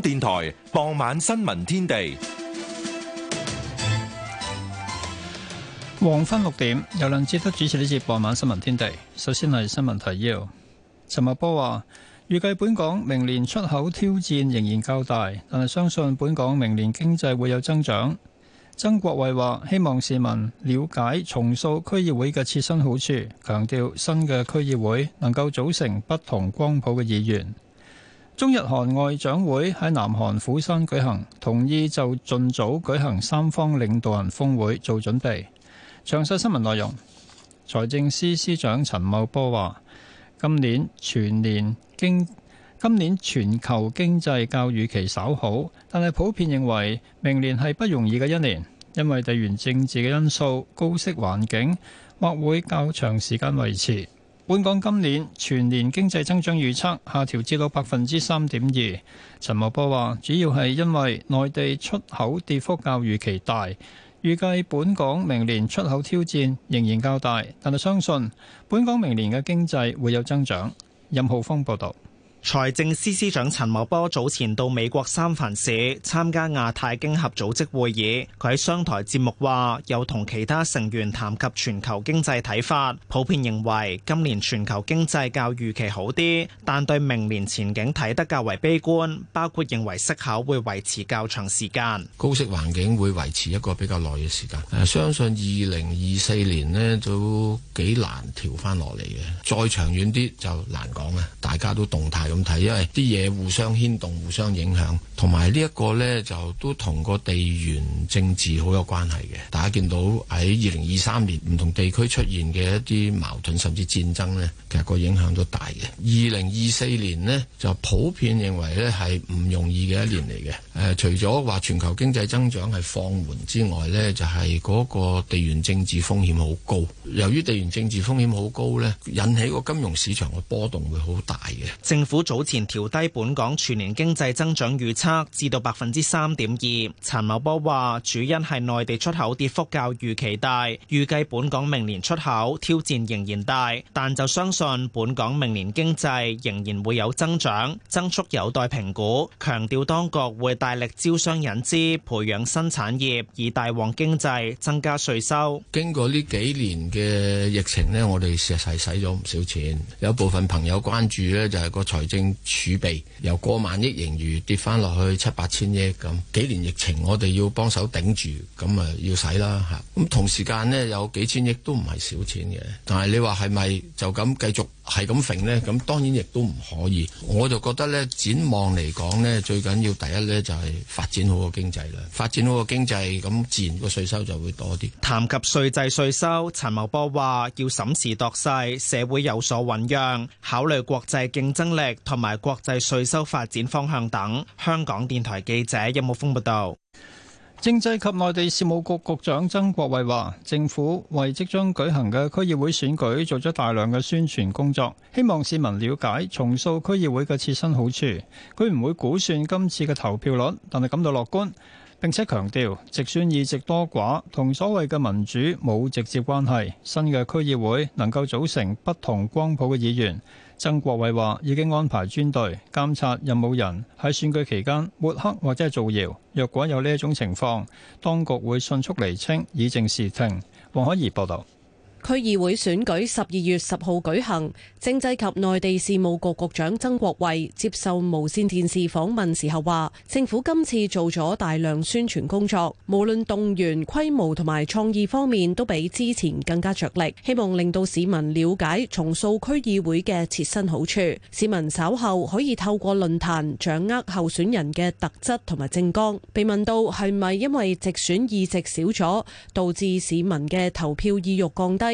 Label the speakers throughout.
Speaker 1: 電台傍晚新聞天地，
Speaker 2: 黃昏六點由梁接德主持呢節傍晚新聞天地。首先係新聞提要。陳茂波話：預計本港明年出口挑戰仍然較大，但係相信本港明年經濟會有增長。曾國衛話：希望市民了解重塑區議會嘅切身好處，強調新嘅區議會能夠組成不同光譜嘅議員。中日韓外長會喺南韓釜山舉行，同意就盡早舉行三方領導人峰會做準備。詳細新聞內容，財政司司長陳茂波話：今年全年經今年全球經濟較預期稍好，但係普遍認為明年係不容易嘅一年，因為地緣政治嘅因素、高息環境或會較長時間維持。本港今年全年經濟增長預測下調至到百分之三點二。陳茂波話主要係因為內地出口跌幅較預期大，預計本港明年出口挑戰仍然較大，但係相信本港明年嘅經濟會有增長，任浩峰報道。財政司司長陳茂波早前到美國三藩市
Speaker 3: 參加亞太經合組織會議，佢喺商台節目話，有同其他成員談及全球經濟睇法，普遍認為今年全球經濟較預期好啲，但對明年前景睇得較為悲觀，包括認為息口會維持較長時間，高息環
Speaker 4: 境會維持一個比較耐嘅時間，誒，相信二零二四年呢都幾難調翻落嚟嘅，再長遠啲就難講啦，大家都動態。咁睇，因為啲嘢互相牽動、互相影響，同埋呢一個咧，就都同個地緣政治好有關係嘅。大家見到喺二零二三年唔同地區出現嘅一啲矛盾，甚至戰爭咧，其實個影響都大嘅。二零二四年咧，就普遍認為咧係唔容易嘅一年嚟嘅。誒，除咗話全球經濟增長係放緩之外咧，就係嗰個地緣政治風險好高。由於地緣政治風險好高咧，引起個金融市場嘅波動會
Speaker 3: 好大嘅。政府早前調低本港全年經濟增長預測至到百分之三點二。陳茂波話，主因係內地出口跌幅較預期大，預計本港明年出口挑戰仍然大，但就相信本港明年經濟仍然會有增長，增速有待評估。強調當局會大力招商引資，培養新產業，以大旺經濟增加稅收。經過
Speaker 4: 呢幾年嘅疫情呢，我哋實係使咗唔少錢，有部分朋友關注呢，就係個財。財政儲備由過萬億盈餘跌翻落去七八千億，咁，幾年疫情我哋要幫手頂住，咁啊要使啦吓，咁同時間咧有幾千億都唔係少錢嘅，但係你話係咪就咁繼續係咁平咧？咁當然亦都唔可以。我就覺得咧展望嚟講咧，最緊要第一咧就係發展好個經濟啦，發展好個經濟，咁自然個稅收就會多啲。談及稅制
Speaker 3: 稅收，陳茂波話要審時度勢，社會有所醞釀，考慮國際競爭力同埋國際稅收發展方向等。香港電台記者任
Speaker 2: 木峯報道，政制及內地事務局局長曾國衛話：政府為即將舉行嘅區議會選舉做咗大量嘅宣傳工作，希望市民了解重塑區議會嘅切身好處。佢唔會估算今次嘅投票率，但係感到樂觀。並且強調，直選議席多寡同所謂嘅民主冇直接關係。新嘅區議會能夠組成不同光譜嘅議員。曾國衛話：已經安排專隊監察任務人喺選舉期間抹黑或者造謠。若果有呢一種情況，當局會迅速釐清以正視聽。黃海怡報導。
Speaker 5: 區議會選舉十二月十號舉行，政制及內地事務局局長曾國衛接受無綫電視訪問時候話：政府今次做咗大量宣傳工作，無論動員規模同埋創意方面都比之前更加着力，希望令到市民了解重塑區議會嘅切身好處。市民稍後可以透過論壇掌握候選人嘅特質同埋政綱。被問到係咪因為直選議席少咗，導致市民嘅投票意欲降低？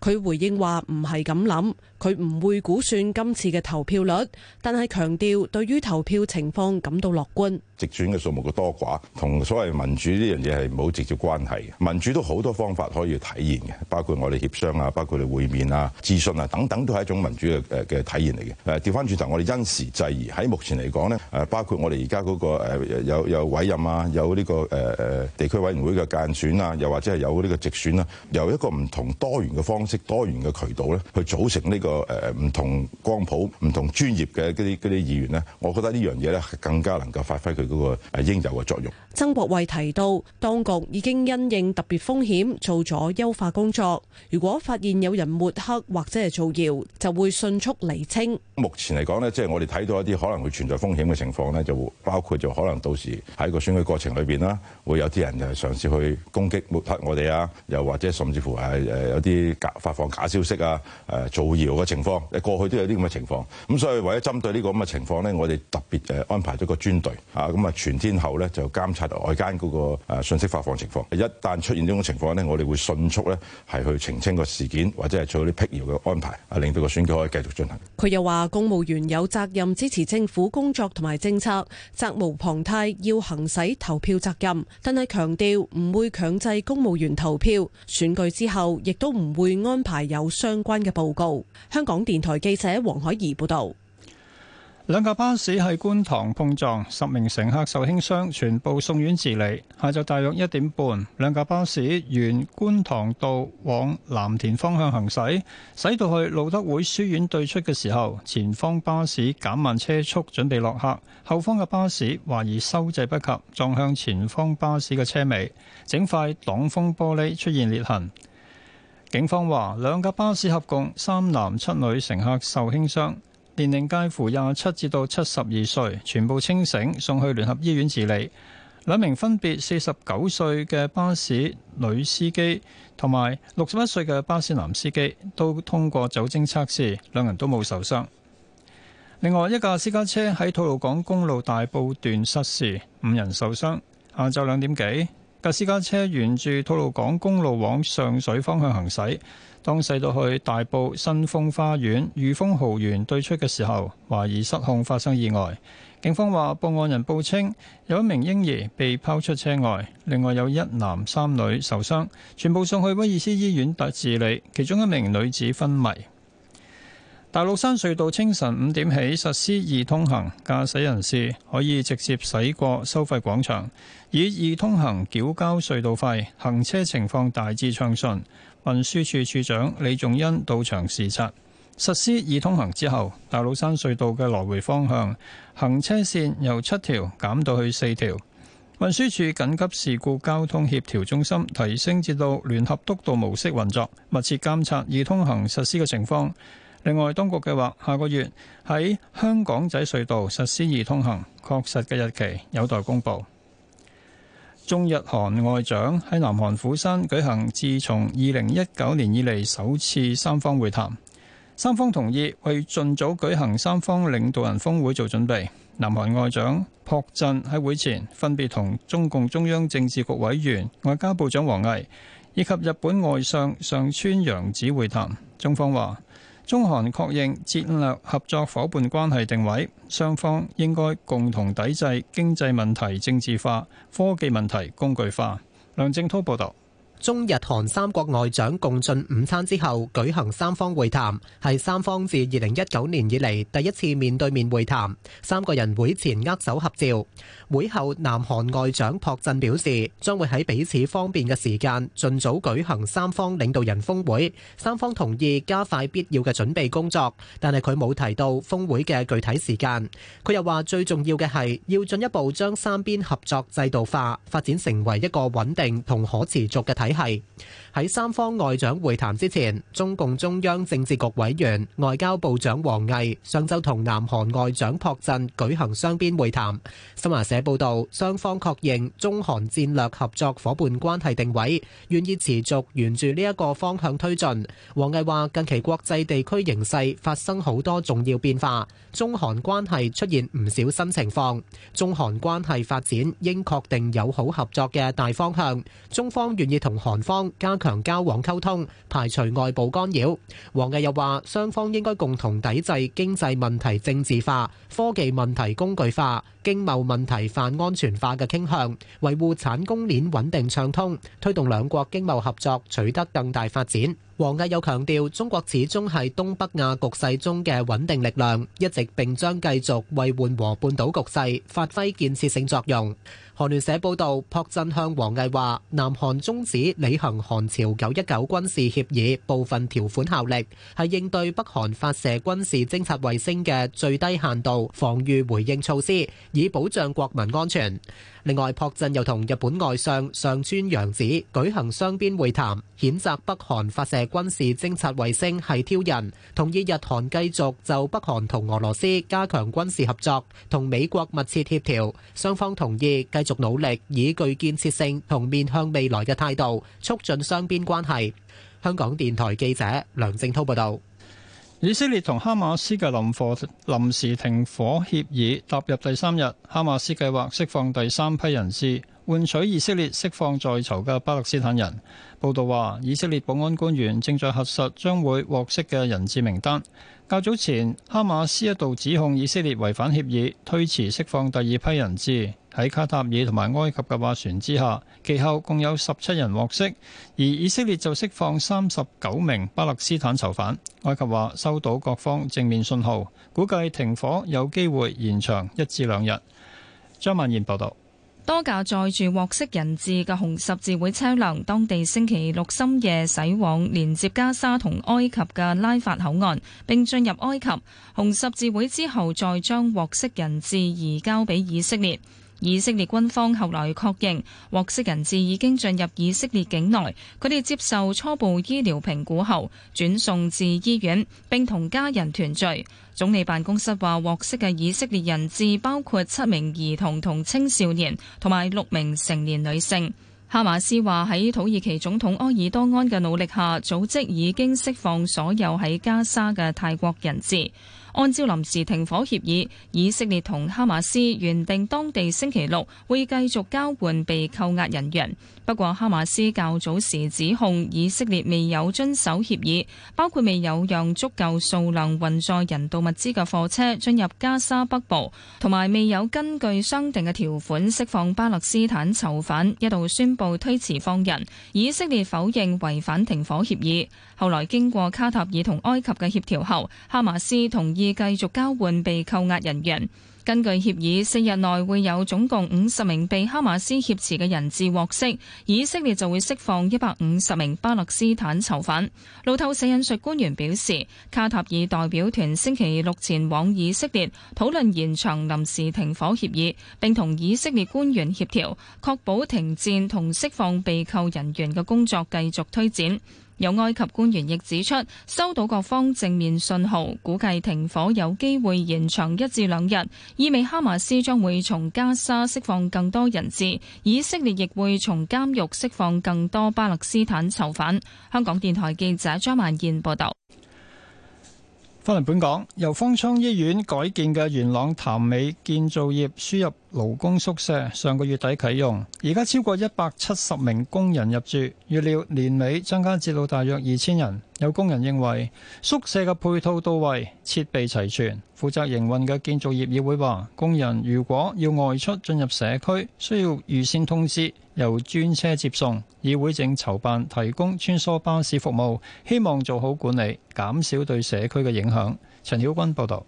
Speaker 5: 佢回應話唔係咁諗，佢唔會估算今次嘅投票率，但係強調對於投票情況感到樂觀。
Speaker 1: 直選嘅數目嘅多寡，同所謂民主呢樣嘢係冇直接關係嘅。民主都好多方法可以體現嘅，包括我哋協商啊，包括我哋會面啊、諮詢啊等等，都係一種民主嘅誒嘅體現嚟嘅。誒調翻轉頭，我哋因時制宜，喺目前嚟講咧，誒包括我哋而家嗰個誒有有委任啊，有呢個誒誒地區委員會嘅間選啊，又或者係有呢個直選啊，由一個唔同多元嘅方。多元嘅渠道咧，去組成呢個誒唔同光譜、唔同專業嘅嗰啲啲議員咧，我覺得呢樣嘢咧更加能夠發揮佢嗰個誒應有嘅作用。
Speaker 5: 曾國衞提到，當局已經因應特別風險做咗優化工作。如果發現有人抹黑或者係造謠，就會迅速釐清。
Speaker 1: 目前嚟講呢，即係我哋睇到一啲可能會存在風險嘅情況咧，就包括就可能到時喺個選舉過程裏邊啦，會有啲人係嘗試去攻擊抹黑我哋啊，又或者甚至乎係誒有啲隔發放假消息啊、誒造謠嘅情況，誒過去都有啲咁嘅情況，咁所以為咗針對呢個咁嘅情況呢，我哋特別誒安排咗個專隊啊，咁啊全天候呢，就監察外間嗰個信息發放情況。一旦出現呢種情況呢，我哋會迅速呢，係去澄清個事件，或者係做啲辟謠嘅安排，啊令到個選舉可以繼續進行。
Speaker 5: 佢又話，公務員有責任支持政府工作同埋政策，責無旁貸要行使投票責任，但係強調唔會強制公務員投票。選舉之後亦都唔會。安排有相關嘅報告。香港電台記者黃海怡報道：
Speaker 2: 兩架巴士喺觀塘碰撞，十名乘客受輕傷，全部送院治理。下晝大約一點半，兩架巴士沿觀塘道往藍田方向行駛，駛到去路德會書院對出嘅時候，前方巴士減慢車速準備落客，後方嘅巴士懷疑收掣不及，撞向前方巴士嘅車尾，整塊擋風玻璃出現裂痕。警方話，兩架巴士合共三男七女乘客受輕傷，年齡介乎廿七至到七十二歲，全部清醒，送去聯合醫院治理。兩名分別四十九歲嘅巴士女司機同埋六十一歲嘅巴士男司機都通過酒精測試，兩人都冇受傷。另外一架私家車喺吐露港公路大埔段失事，五人受傷。下晝兩點幾，架私家車沿住吐露港公路往上水方向行駛，當駛到去大埔新豐花園御峰豪園對出嘅時候，懷疑失控發生意外。警方話報案人報稱有一名嬰兒被拋出車外，另外有一男三女受傷，全部送去威爾斯醫院達治理，其中一名女子昏迷。大老山隧道清晨五點起實施易通行，駕駛人士可以直接駛過收費廣場，以易通行繳交隧道費。行車情況大致暢順。運輸署處長李仲恩到場視察。實施易通行之後，大老山隧道嘅來回方向行車線由七條減到去四條。運輸署緊急事故交通協調中心提升至到聯合督導模式運作，密切監察易通行實施嘅情況。另外，當局計劃下個月喺香港仔隧道實施易通行，確實嘅日期有待公布。中日韓外長喺南韓釜山舉行自從二零一九年以嚟首次三方會談，三方同意為盡早舉行三方領導人峰會做準備。南韓外長朴振喺會前分別同中共中央政治局委員外交部長王毅以及日本外相上川陽子會談。中方話。中韓確認戰略合作夥伴關係定位，雙方應該共同抵制經濟問題政治化、
Speaker 6: 科技問題工具化。梁正滔報導。中日韓三國外長共進午餐之後，舉行三方會談，係三方自2019係喺三方外長會談之前，中共中央政治局委員，外交部長王毅上周同南韓外長朴振舉行雙邊會談。新華社報道，雙方確認中韓戰略合作伙伴關係定位，願意持續沿住呢一個方向推進。王毅話，近期國際地區形勢發生好多重要變化，中韓關係出現唔少新情況，中韓關係發展應確定友好合作嘅大方向，中方願意同，韓方加強交往溝通，排除外部干擾。王毅又話，雙方應該共同抵制經濟問題政治化、科技問題工具化、經貿問題泛安全化嘅傾向，維護產供鏈穩定暢通，推動兩國經貿合作取得更大發展。王毅又強調，中國始終係東北亞局勢中嘅穩定力量，一直並將繼續為緩和半島局勢發揮建設性作用。韓聯社報道，朴振向王毅話，南韓終止履行韓朝九一九軍事協議部分條款效力，係應對北韓發射軍事偵察衛星嘅最低限度防禦回應措施，以保障國民安全。另外，朴振又同日本外相上川陽子舉行雙邊會談，譴責北韓發射軍事偵察衛星係挑釁，同意日韓繼續就北韓同俄羅斯加強軍事合作，同美國密切協調，雙方同意繼續努力以具建設性同面向未來嘅態度促進雙邊關係。香港電台記者梁正濤報道。以色列同哈馬斯嘅臨火
Speaker 2: 臨時停火協議踏入第三日，哈馬斯計劃釋放第三批人質，換取以色列釋放在囚嘅巴勒斯坦人。報導話，以色列保安官員正在核實將會獲釋嘅人質名單。較早前，哈馬斯一度指控以色列違反協議，推遲釋放第二批人質。喺卡塔爾同埋埃及嘅斡旋之下，其後共有十七人獲釋，而以色列就釋放三十九名巴勒斯坦囚犯。埃及話收到各方正面信號，估計停火有機會延長一至兩日。張曼燕報導。
Speaker 7: 多架載住獲釋人質嘅紅十字會車輛，當地星期六深夜駛往連接加沙同埃及嘅拉法口岸，並進入埃及。紅十字會之後再將獲釋人質移交俾以色列。以色列軍方後來確認，獲釋人質已經進入以色列境內。佢哋接受初步醫療評估後，轉送至醫院並同家人團聚。總理辦公室話，獲釋嘅以色列人質包括七名兒童同青少年，同埋六名成年女性。哈馬斯話喺土耳其總統埃爾多安嘅努力下，組織已經釋放所有喺加沙嘅泰國人質。按照臨時停火協議，以色列同哈馬斯原定當地星期六會繼續交換被扣押人員。不過，哈馬斯較早時指控以色列未有遵守協議，包括未有讓足夠數量運載人道物資嘅貨車進入加沙北部，同埋未有根據商定嘅條款釋放巴勒斯坦囚犯，一度宣布推遲放人。以色列否認違反停火協議。後來經過卡塔爾同埃及嘅協調後，哈馬斯同意繼續交換被扣押人員。根據協議，四日內會有總共五十名被哈馬斯挾持嘅人質獲釋，以色列就會釋放一百五十名巴勒斯坦囚犯。路透社引述官員表示，卡塔爾代表團星期六前往以色列討論延長臨時停火協議，並同以色列官員協調，確保停戰同釋放被扣人員嘅工作繼續推展。有埃及官員亦指出，收到各方正面信號，估計停火有機會延長一至兩日，意味哈馬斯將會從加沙釋放更多人質，以色列亦會從監獄釋放更多巴勒斯坦囚犯。香港電台記者張萬燕報道。
Speaker 2: 翻嚟本港，由方艙醫院改建嘅元朗潭尾建造業輸入，勞工宿舍上個月底啟用，而家超過一百七十名工人入住，預料年尾增加至到大約二千人。有工人認為宿舍嘅配套到位，設備齊全。負責營運嘅建築業議會話：工人如果要外出進入社區，需要預先通知，由專車接送。議會正籌辦提供穿梭巴士服務，希望做好管理，減少對社區嘅影響。陳曉君報導。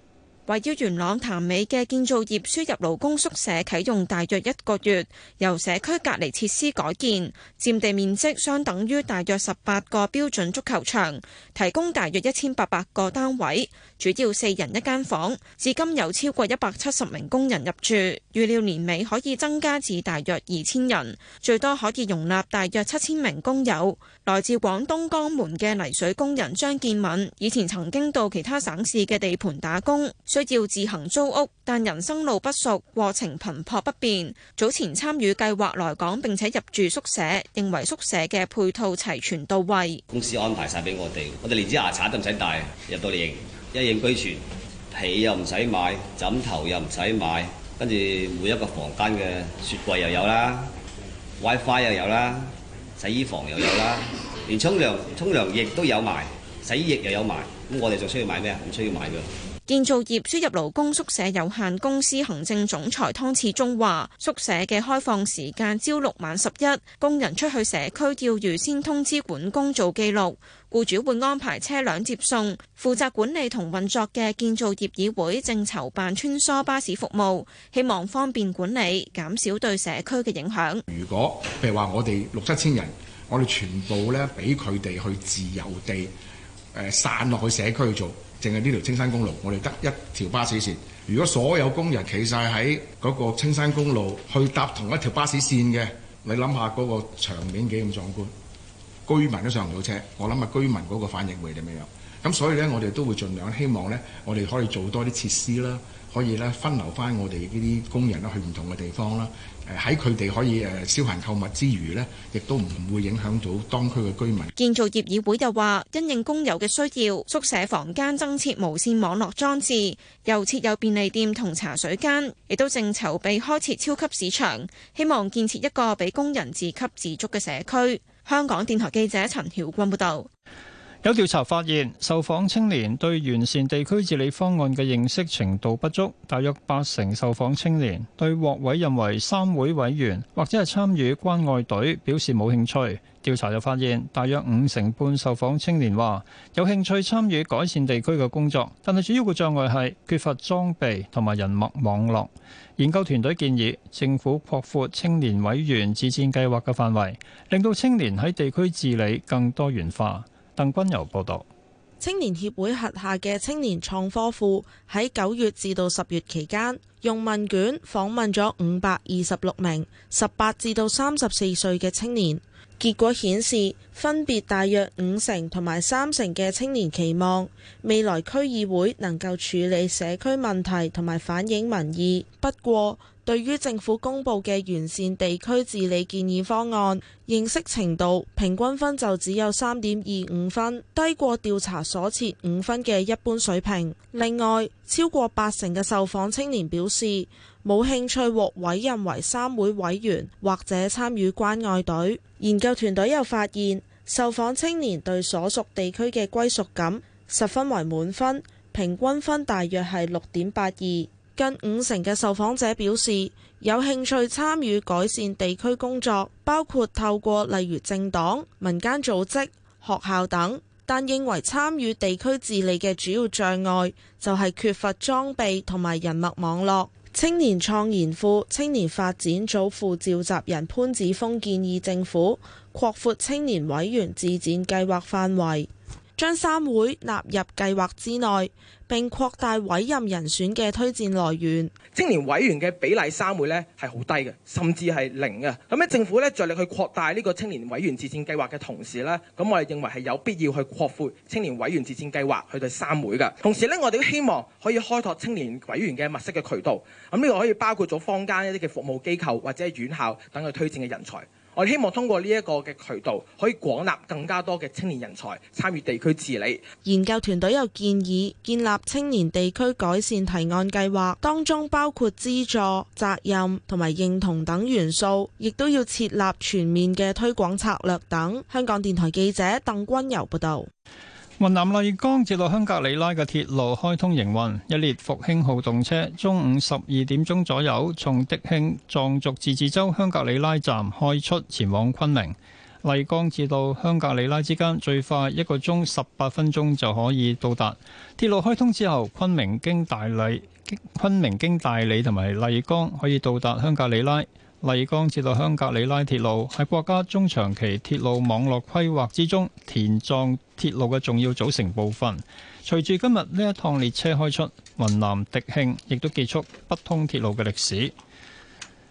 Speaker 8: 位
Speaker 9: 於元朗潭尾嘅建造業輸入勞工宿舍啟用大約一個月，由社區隔離設施改建，佔地面積相等於大約十八個標準足球場，提供大約一千八百個單位，主要四人一間房。至今有超過一百七十名工人入住，預料年尾可以增加至大約二千人，最多可以容納大約七千名工友。來自廣東江門嘅泥水工人張建敏，以前曾經到其他省市嘅地盤打工。需要自行租屋，但人生路不熟，過程頻撲不便。早前參與計劃來港並且入住宿舍，認為宿舍嘅配套齊全到位。
Speaker 1: 公司安排
Speaker 3: 晒俾我哋，我哋連支牙刷都唔使帶，入到嚟營，一應俱全，被又唔使買，枕頭又唔使買，跟住每一個房間嘅雪櫃又有啦，WiFi 又有啦，洗衣房又有啦，連沖涼、沖涼液都有埋，洗衣液又有埋。咁我哋仲需要買咩啊？唔需要買㗎。
Speaker 9: 建造業輸入勞工宿舍有限公司行政總裁湯次中話：宿舍嘅開放時間朝六晚十一，工人出去社區要預先通知管工做記錄，僱主會安排車輛接送。負責管理同運作嘅建造業議會正籌辦穿梭巴士服務，希望方便管理，減少對社區嘅影響。
Speaker 4: 如果譬如話我哋六七千人，我哋全部呢，俾佢哋去自由地散落去社區去做。淨係呢條青山公路，我哋得一條巴士線。如果所有工人企晒喺嗰個青山公路去搭同一條巴士線嘅，你諗下嗰個場面幾咁壯觀？居民都上唔到車，我諗下居民嗰個反應會點樣？咁所以呢，我哋都會盡量希望呢，我哋可以做多啲設施啦，可以呢，分流翻我哋呢啲工人啦去唔同嘅地方啦。喺佢哋可以誒消閒購物之餘咧，亦都唔會影響到當區嘅居民。
Speaker 9: 建造業議會又話因應工友嘅需要，宿舍房間增設無線網絡裝置，又設有便利店同茶水間亦都正籌備開設超級市場，希望建設一個俾工人自給自足嘅社區，香港電台記者陳曉君報道。
Speaker 2: 有調查發現，受訪青年對完善地區治理方案嘅認識程度不足，大約八成受訪青年對獲委任為三會委員或者係參與關愛隊表示冇興趣。調查又發現，大約五成半受訪青年話有興趣參與改善地區嘅工作，但係主要嘅障礙係缺乏裝備同埋人脈網絡。研究團隊建議政府擴闊青年委員自薦計劃嘅範圍，令到青年喺地區治理更多元化。鄧君友報道，
Speaker 8: 青年協會轄下嘅青年創科庫喺九月至到十月期間，用問卷訪問咗五百二十六名十八至到三十四歲嘅青年，結果顯示，分別大約五成同埋三成嘅青年期望未來區議會能夠處理社區問題同埋反映民意。不過，對於政府公布嘅完善地區治理建議方案，認識程度，平均分就只有三點二五分，低過調查所設五分嘅一般水平。另外，超過八成嘅受訪青年表示冇興趣獲委任為三會委員或者參與關愛隊。研究團隊又發現，受訪青年對所屬地區嘅歸屬感十分為滿分，平均分大約係六點八二。近五成嘅受訪者表示有興趣參與改善地區工作，包括透過例如政黨、民間組織、學校等，但認為參與地區治理嘅主要障礙就係缺乏裝備同埋人脈網絡。青年創研庫青年發展組副召集人潘子峰建議政府擴闊青年委員自薦計劃範圍。將三會納入計劃之內，並擴大委任人選嘅推薦來源。青年委員嘅比例三會呢係好低嘅，甚至係零嘅。
Speaker 3: 咁喺政府呢着力去擴大呢個青年委員自薦計劃嘅同時呢，咁我哋認為係有必要去擴闊青年委員自薦計劃去對三會嘅。同時呢，我哋都希望可以開拓青年委員嘅物色嘅渠道。咁呢個可以包括咗坊間一啲嘅服務機構或者院校等佢推薦嘅人才。我哋希望通過呢一個嘅渠道，可以廣納更加多嘅青年人才參與地區治理。
Speaker 8: 研究團隊又建議建立青年地區改善提案計劃，當中包括資助、責任同埋認同等元素，亦都要設立全面嘅推廣策略等。香港電台記者鄧君柔報道。
Speaker 2: 雲南麗江至到香格里拉嘅鐵路開通營運，一列復興號動車中午十二點鐘左右從迪慶藏族自治州香格里拉站開出前往昆明。麗江至到香格里拉之間最快一個鐘十八分鐘就可以到達。鐵路開通之後，昆明經大理、昆明經大理同埋麗江可以到達香格里拉。麗江至到香格里拉鐵路喺國家中長期鐵路網絡規劃之中，滇藏鐵路嘅重要組成部分。隨住今日呢一趟列車開出，雲南迪慶亦都結束不通鐵路嘅歷史。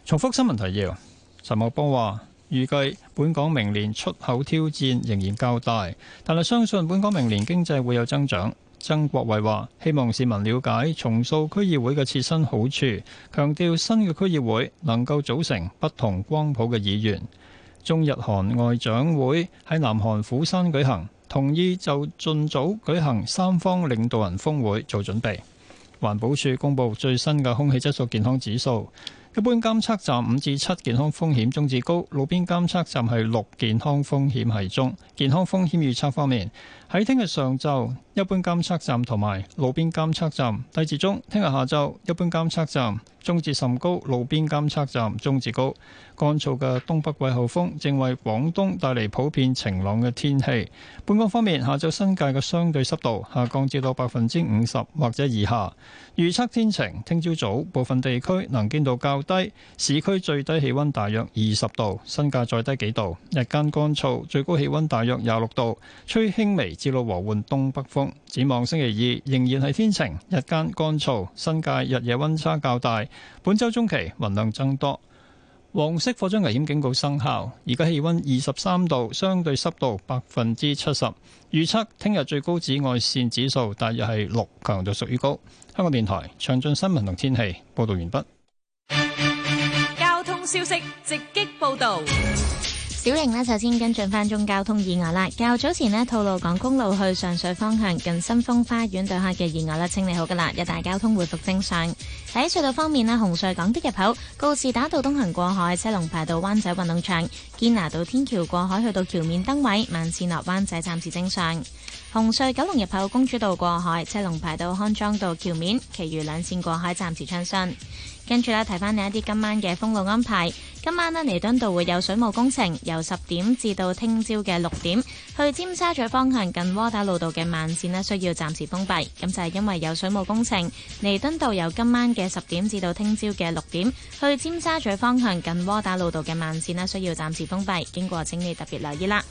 Speaker 2: 重複新聞提要：陳茂波話，預計本港明年出口挑戰仍然較大，但係相信本港明年經濟會有增長。曾國衛話：希望市民了解重塑區議會嘅切身好處，強調新嘅區議會能夠組成不同光譜嘅議員。中日韓外長會喺南韓釜山舉行，同意就盡早舉行三方領導人峰會做準備。環保署公布最新嘅空氣質素健康指數，一般監測站五至七健康風險中至高，路邊監測站係六健康風險係中。健康風險預測方面。喺聽日上晝，一般監測站同埋路邊監測站低至中；聽日下晝，一般監測站中至甚高，路邊監測站中至高。乾燥嘅東北季候風正為廣東帶嚟普遍晴朗嘅天氣。本港方面，下晝新界嘅相對濕度下降至到百分之五十或者以下。預測天晴，聽朝早部分地區能見度較低，市區最低氣温大約二十度，新界再低幾度。日間乾燥，最高氣温大約廿六度，吹輕微至路和緩東北風，展望星期二仍然係天晴，日間乾燥，新界日夜温差較大。本周中期雲量增多，黃色火災危險警告生效。而家氣温二十三度，相對濕度百分之七十。預測聽日最高紫外線指數大約係六，強度屬於高。香港電台詳盡新聞同天氣報道完畢。
Speaker 10: 交通消息
Speaker 2: 直擊報道。
Speaker 10: 小玲呢，就先跟進翻中交通意外啦。較早前呢，吐露港公路去上水方向近新豐花園對開嘅意外啦，清理好噶啦，一帶交通回復正常。喺隧道方面呢，紅隧港島入口、告士打道東行過海、車龍排到灣仔運動場、堅拿道天橋過海去到橋面燈位、慢線落灣仔暫時正常。紅隧九龍入口公主道過海車龍排到康莊道橋面，其餘兩綫過海暫時暢順。跟住咧，睇翻你一啲今晚嘅封路安排。今晚呢，彌敦道會有水務工程，由十點至到聽朝嘅六點，去尖沙咀方向近窩打老道嘅慢綫呢，需要暫時封閉。咁就係因為有水務工程，彌敦道由今晚嘅十點至到聽朝嘅六點，去尖沙咀方向近窩打老道嘅慢綫呢，需要暫時封閉，經過請你特別留意啦。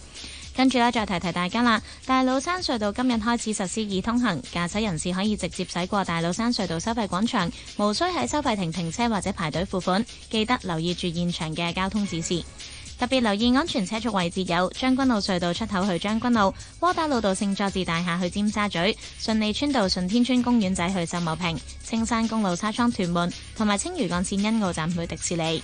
Speaker 10: 跟住咧，再提提大家啦！大老山隧道今日開始實施易通行，駕駛人士可以直接駛過大老山隧道收費廣場，無需喺收費亭停車或者排隊付款，記得留意住現場嘅交通指示，特別留意安全車速位置，有將軍澳隧道出口去將軍澳、窩打老道聖佐治大廈去尖沙咀、順利村道順天村公園仔去秀茂坪、青山公路沙窗屯門同埋青嶼幹線欣澳站去迪士尼。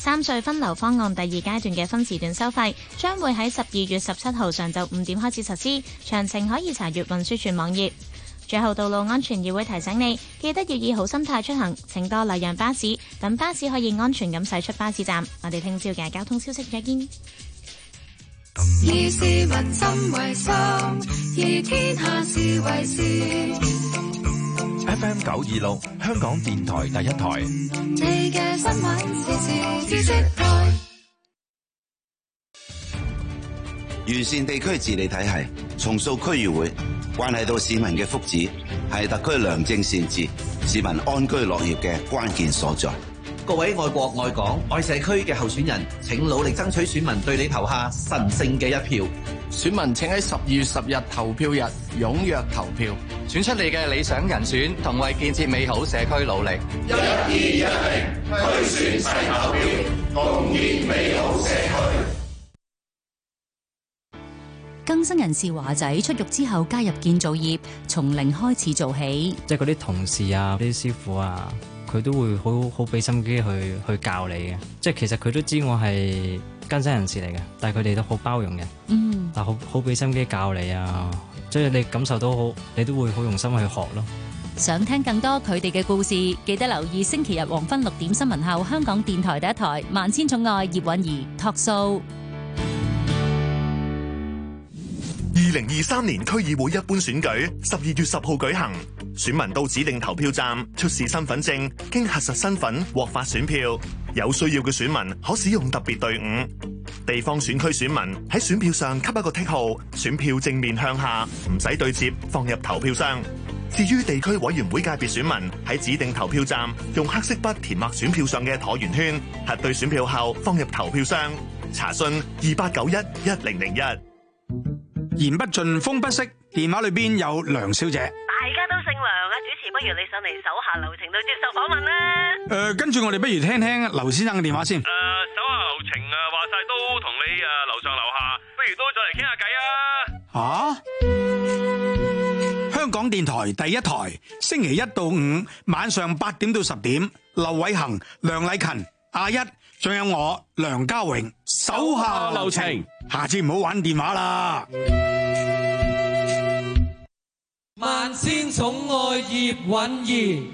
Speaker 10: 三隧分流方案第二階段嘅分時段收費，將會喺十二月十七號上晝五點開始實施。詳情可以查閱運輸署網頁。最後，道路安全議會提醒你，記得要以好心態出行，請多禮讓巴士，等巴士可以安全咁駛出巴士站。我哋聽朝嘅交通消息再見。
Speaker 3: FM 九二六，香
Speaker 1: 港電台第一台。完善地區治理體系，重塑區議會，關係到市民嘅福祉，係特區良政善治、市民安居樂業嘅關鍵所在。
Speaker 3: 各位愛國愛港愛社區嘅候選人，請
Speaker 4: 努力爭取選民對你投下神聖嘅一票。選民請喺十二月十日投票日踴躍投票，選出
Speaker 2: 你嘅理想人選，同為建設美好社區努力。一、二、一、零，推選
Speaker 4: 誓投票，共建美
Speaker 3: 好社區。
Speaker 10: 更生人士華仔出獄之後加入建造業，從零開始做起。即係嗰啲同事啊，啲師傅
Speaker 3: 啊。佢都會好好俾心機去去教你嘅，即係其實佢都知我係更生人士嚟嘅，但係佢哋都好包容嘅。嗯，嗱，好好俾心機教你啊，所以你感受到好，你都會好用心去學咯。
Speaker 10: 想聽更多佢哋嘅故事，記得留意星期日黃昏六點新聞後，香港電台第一台《萬千寵愛葉蘊儀》Talk Show。
Speaker 6: 二零二三年
Speaker 3: 區議會一般選舉十二月十號舉行。選民到指定投票站，出示身份證，經核實身份，獲發選票。有需要嘅選民可使用特別隊伍。地方選區選民喺選票上蓋一個剔號，選票正面向下，唔使對摺，放入投票箱。至於地區委員會界別選民喺指定投票站用黑色筆填滿選票上嘅橢圓圈，核對選票後放入投票箱。查詢二八九一一零零一。言不盡風不息，電話裏邊有梁小姐。
Speaker 5: 不如你上嚟手下留情都接受
Speaker 7: 訪問啦。誒，跟住我哋不如聽聽劉先生嘅電話先。誒，手下留情啊，話晒都同你誒
Speaker 3: 樓上樓下，不如都再嚟傾下偈啊。吓，香港電台第一台，星期一到五晚上八點到十點，劉偉恒、梁禮勤、阿一，仲有我梁家榮，手下留情，下次唔好玩電話啦。萬千寵愛葉蘊儀。